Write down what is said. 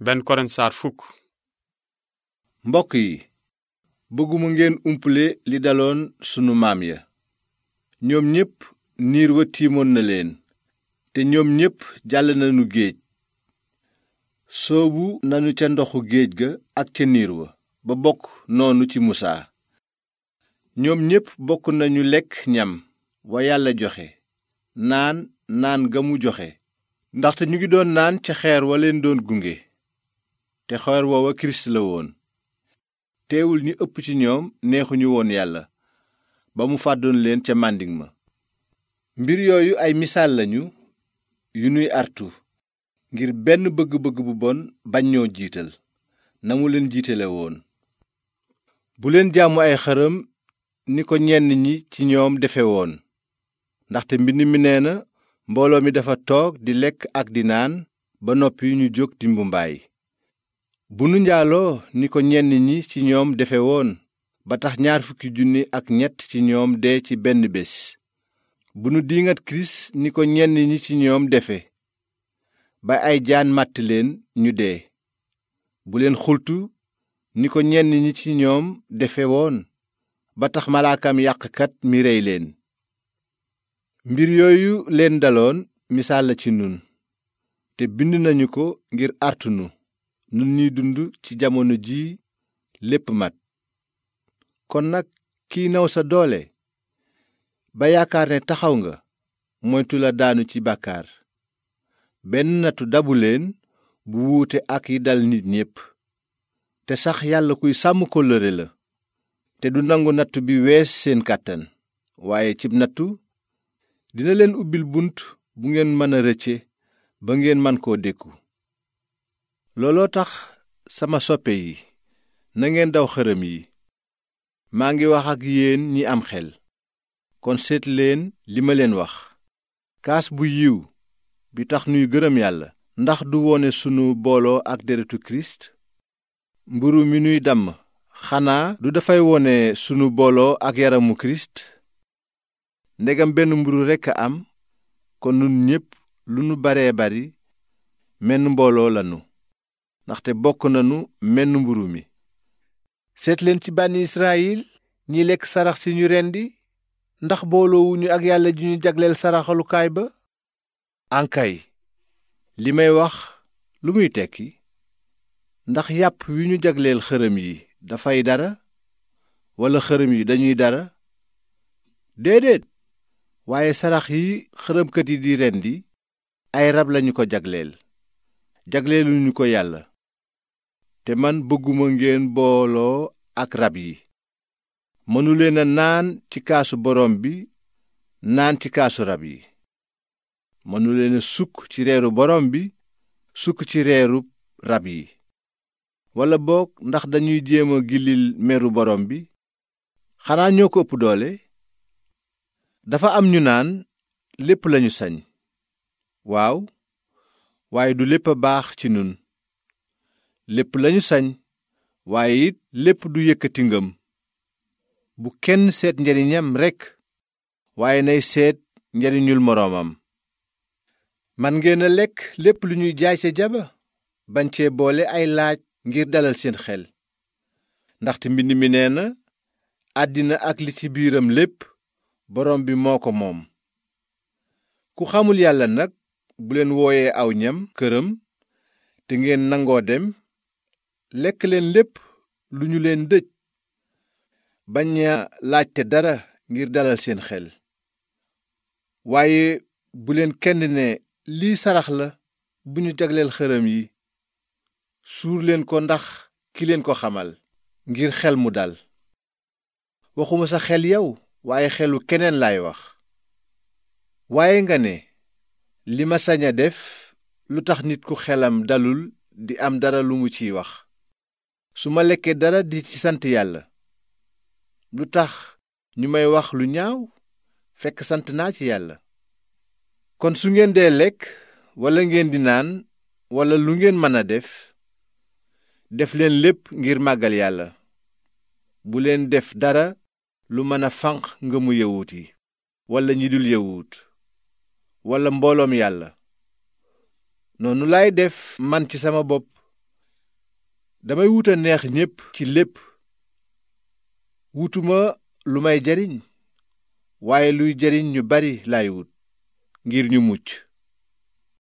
benn Korent fukk mbokk yi bëgguma ngeen umpale li daloon sunu maam ya ñoom ñépp niir wa tiimoon na leen te ñoom ñépp jàll nañu géej soobu nañu ca ndoxu géej ga ak ca niir wa ba bokk noonu ci musaa ñoom ñépp bokk nañu lekk ñam wa yàlla joxe naan naan ga mu joxe ndaxte ñu ngi doon naan ca xeer wa leen doon gunge te xewar woowa kirist la woon teewul ñi ëpp ci ñoom neexuñu woon yàlla ba mu fàddoon leen ca màndik ma mbir yooyu ay misaal lañu yu ñuy artu ngir benn bëgg-bëgg bu bon bañ ñoo jiital na mu leen jiitale woon bu leen jaamu ay xërëm ni ko ñenn ñi ci ñoom defe woon ndaxte mbind mi nee na mbooloo mi dafa toog di lekk ak di naan ba noppi ñu jóg di mbumbaay bu nu njaaloo ni ko ñenn ñi ci ñoom defe woon ba tax ñaar fukki junni ak ñett ci ñoom dee ci benn bés bu nu diingat kirist ni ko ñenn ñi ci ñoom defe ba ay jaan màtt leen ñu dee bu leen xultu ni ko ñenn ñi ci ñoom defe woon ba tax malaakam yàqkat mi rey leen mbir yooyu leen daloon misaal la ci nun te bind nañu ko ngir artu nun ñuy dund ci jamono ji lépp mat kon nag kiy naw sa doole ba yaakaar ne taxaw nga moytu la daanu ci bàkkaar benn nattu dabu leen bu wuute ak yi dal nit ñépp te sax yàlla kuy sàmm kóllëre la te du nangu nattu bi wees seen kàttan waaye cib nattu dina leen ubbil bunt bu ngeen mën a rëcce ba ngeen man koo dékku looloo tax sama soppe yi nangeen daw xërëm yi maa ngi wax ak yéen ñi am xel kon seet leen li ma leen wax kaas bu yiw bi tax nuy gërëm yàlla ndax du wone sunu booloo ak deretu kirist mburu mi nuy damm xanaa du dafay wone sunu booloo ak yaramu kirist ndegam benn mburu rekk a am kon nun ñépp lu nu baree bari menn mbooloo lanu ndaxte bokk nanu menn mburu mi seet leen ci bànni Israyil ñi lekk sarax si ñu rendi ndax booloowuñu ak yàlla ji ñu jagleel saraxalukaay ba ankay li may wax lu muy tekki ndax yàpp wi ñu jagleel xërëm yi dafay dara walla xërëm yi dañuy dara déedéet waaye sarax yi xërëmkat yi di rendi ay rab lañu ko jagleel jagleeluñu ko yàlla te man bëgguma ngeen booloo ak rab yi mënuleen naan ci kaasu borom bi naan ci kaasu rab yi mënuleen a sukk ci reeru borom bi sukk ci reeru rab yi walla boog ndax dañuy jéem a gillil meru borom bi xanaa ñoo ko ëpp doole dafa am ñu naan lépp lañu sañ waaw waaye du lépp a baax ci nun lépp lañu sañ waaye it lépp du yëkkati ngëm bu kenn seet njariñam rekk waaye nay seet njariñul moroomam man ngeen a lekk lépp lu ñuy jaay ca jaba bañ cee boole ay laaj ngir dalal seen xel ndaxte mbind mi nee na àddina ak li ci biiram lépp borom bi moo ko moom ku xamul yàlla nag bu leen wooyee aw ñam këram te ngeen nangoo dem lekk leen lépp lu ñu leen dëj bañ a laajte dara ngir dalal seen xel waaye bu leen kenn ne lii sarax la bu ñu jagleel xërëm yi suur leen ko ndax ki leen ko xamal ngir xel mu dal waxuma sa xel yow waaye xelu keneen laay wax waaye nga ne li ma sañ a def lu tax nit ku xelam dalul di am dara lu mu ciy wax su ma lekkee dara di ci sant yàlla lu tax ñu may wax lu ñaaw fekk sant naa ci yàlla kon su ngeen dee lekk walla ngeen di naan walla lu ngeen mën a def def leen lépp ngir màggal yàlla bu leen def dara lu mën a fànq ngëmu yawut yi walla ñi dul yawut walla mbooloom yàlla noonu laay def man ci sama bopp damay wut a neex ñépp ci lépp wutuma lu may jariñ waaye luy jariñ ñu bari lay wut ngir ñu mucc